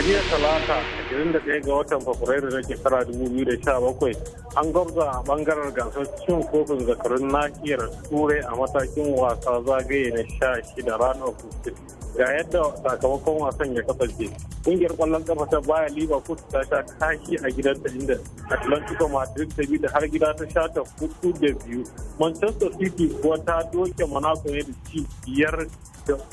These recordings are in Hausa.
a jiya talata 21 ga watan fabrairu na shekara 2017 an gwabza a bangaren gasar cin kofin zakarun nahiyar turai a matakin wasa zagaye na 16 ranar agusta ga yadda sakamakon wasan ya kasance ƙungiyar kwallon kafa ta baya liverpool ta sha kashi a gidan ta inda atlantico madrid ta bi da har gida ta sha ta hudu da biyu manchester city kuwa ta doke monaco ne da ci biyar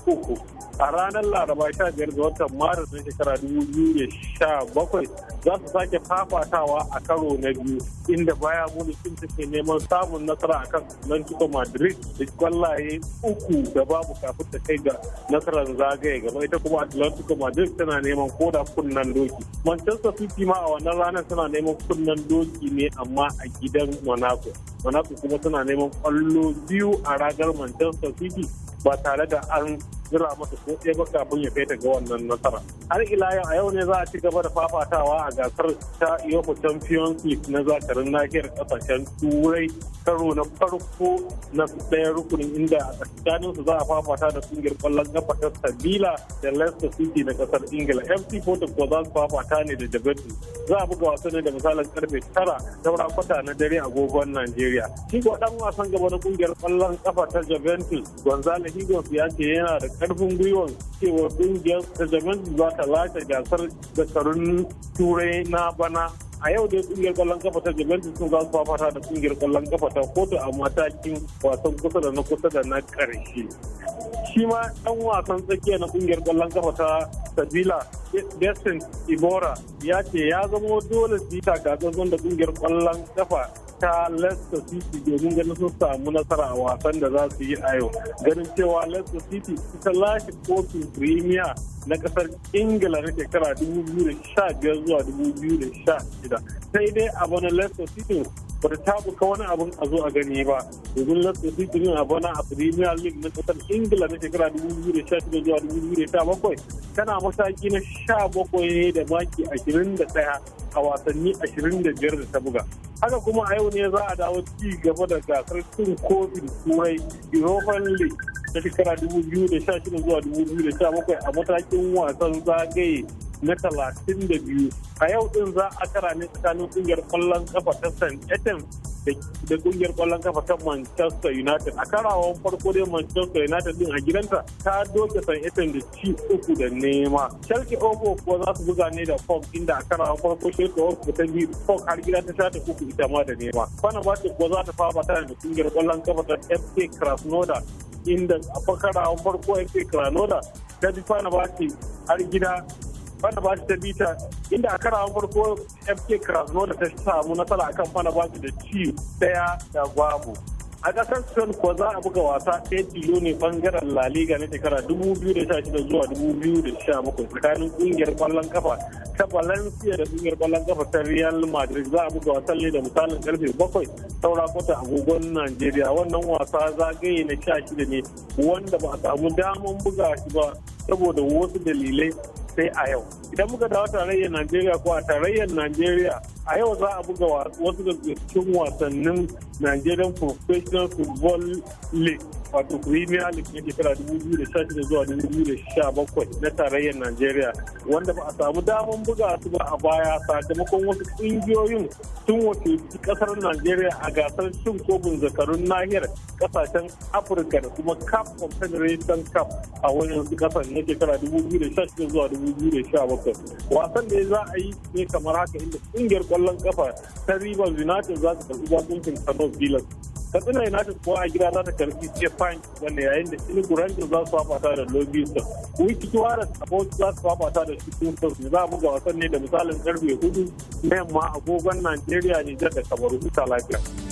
uku a ranar laraba sha biyar ga watan maris na shekara dubu biyu da sha bakwai za su sake fafatawa a karo na biyu inda baya munikin take neman samun nasara akan atlantico madrid da kwallaye uku da babu kafin ta kai ga nasarar zagaye gaba ita kuma atlantico madrid tana neman koda kunnen doki manchester city ma a wannan ranar tana neman kunnen doki ne amma a gidan monaco monaco kuma tana neman kwallo biyu a ragar manchester city ba tare da an jira mata ko ɗaya ba kafin ya feta ga wannan nasara har ila yau a yau ne za a ci gaba da fafatawa a gasar ta Europa Champions League na zakarin nahiyar kasashen turai karo na farko na ɗaya rukunin inda a tsakanin su za a fafata da kungiyar kwallon kafa ta Sabila da Leicester City na kasar Ingila FC Porto ko za su fafata ne da Juventus za a buga wasan ne da misalin karfe tara saura kwata na dare agogon Najeriya shi ko dan wasan gaba na kungiyar kwallon kafa ta Juventus Gonzalo higgins ya ce yana da karfin gwiwan cewa kungiyar ta za ta lashe gasar zakarun turai na bana a yau dai kungiyar kwallon kafa ta Juventus sun za su fafata da kungiyar kwallon kafa ta Porto a matakin wasan kusa da na kusa da na karshe shi ma dan wasan tsakiya na kungiyar kwallon kafa ta Sabila Destin Ibora ya ce ya zama dole su yi takatsan da kungiyar kwallon kafa ta Leicester City domin ganin sun samu nasara a wasan da za su yi a yau. Ganin cewa Leicester City ita lashe kofin Premier na kasar Ingila na shekara 2015 zuwa 2016. Sai dai a bana Leicester City ba ta buka wani abun a zo a gani ba domin leicester su yi a bana a premier league na kasar ingila na shekara 2016 zuwa 2017 tana mataki na 17 ne da maki 21 a wasanni 25 da ta buga haka kuma a yau ne za a dawo ci gaba da gasar cin kofin turai european league na shekara 2016 zuwa 2017 a matakin wasan zagaye na talatin da biyu a yau din za a kara ne tsakanin kungiyar kwallon kafa ta san etem da kungiyar kwallon kafa ta manchester united a karawan farko dai manchester united din a gidanta ta doke san etem da ci uku da nema shalke ofo kuwa za su buga ne da fog inda a karawan farko shalke ofo ta biyu fog har gida ta shata uku ita ma da nema fana ba ta kuwa za ta fara tana da kungiyar kwallon kafa ta fk krasnodar inda a fakara farko fk krasnodar ta ji fana ba har gida fana ba ta bita inda a karawan farko fk krasno da ta samu nasara akan fana ba da ci daya da babu a kasar sun kuwa za a buga wasa ɗaya tilo ne bangaren la liga na shekara 2016 zuwa 2017 tsakanin kungiyar kwallon kafa ta valencia da kungiyar kwallon kafa ta real madrid za a buga wasan ne da misalin karfe bakwai saura kwata agogon najeriya. wannan wasa zagaye na 16 ne wanda ba a samu daman buga shi ba saboda wasu dalilai sai a yau idan muka dawo tarayyar najeriya ko a tarayyar najeriya a yau za a buga wasu daga cikin wasannin Nigerian Professional Football League wato Premier League na shekara 2016 zuwa 2017 na tarayyar Nigeria. wanda ba a samu damar buga su ba a baya sakamakon wasu ƙungiyoyin sun wakilci kasar Najeriya a gasar cin kobin zakarun nahiyar kasashen Afirka da kuma Cup Confederation Cup a wani wasu kasar na shekara 2016 zuwa 2017 wasan da za a yi ne kamar haka inda ƙungiyar ƙwallon kafa ta Rivers United za su karɓi bakuncin Kano Los Villas. Katsina United kuwa a gida za ta karfi fine wanda yayin da Inugu Rangers za su fafata da Lobista. Wiki Tuwaras a Bauchi za su fafata da Tukuntun da za a buga wasan ne da misalin karfe hudu na yamma agogon Najeriya ne da Kamaru ta lafiya.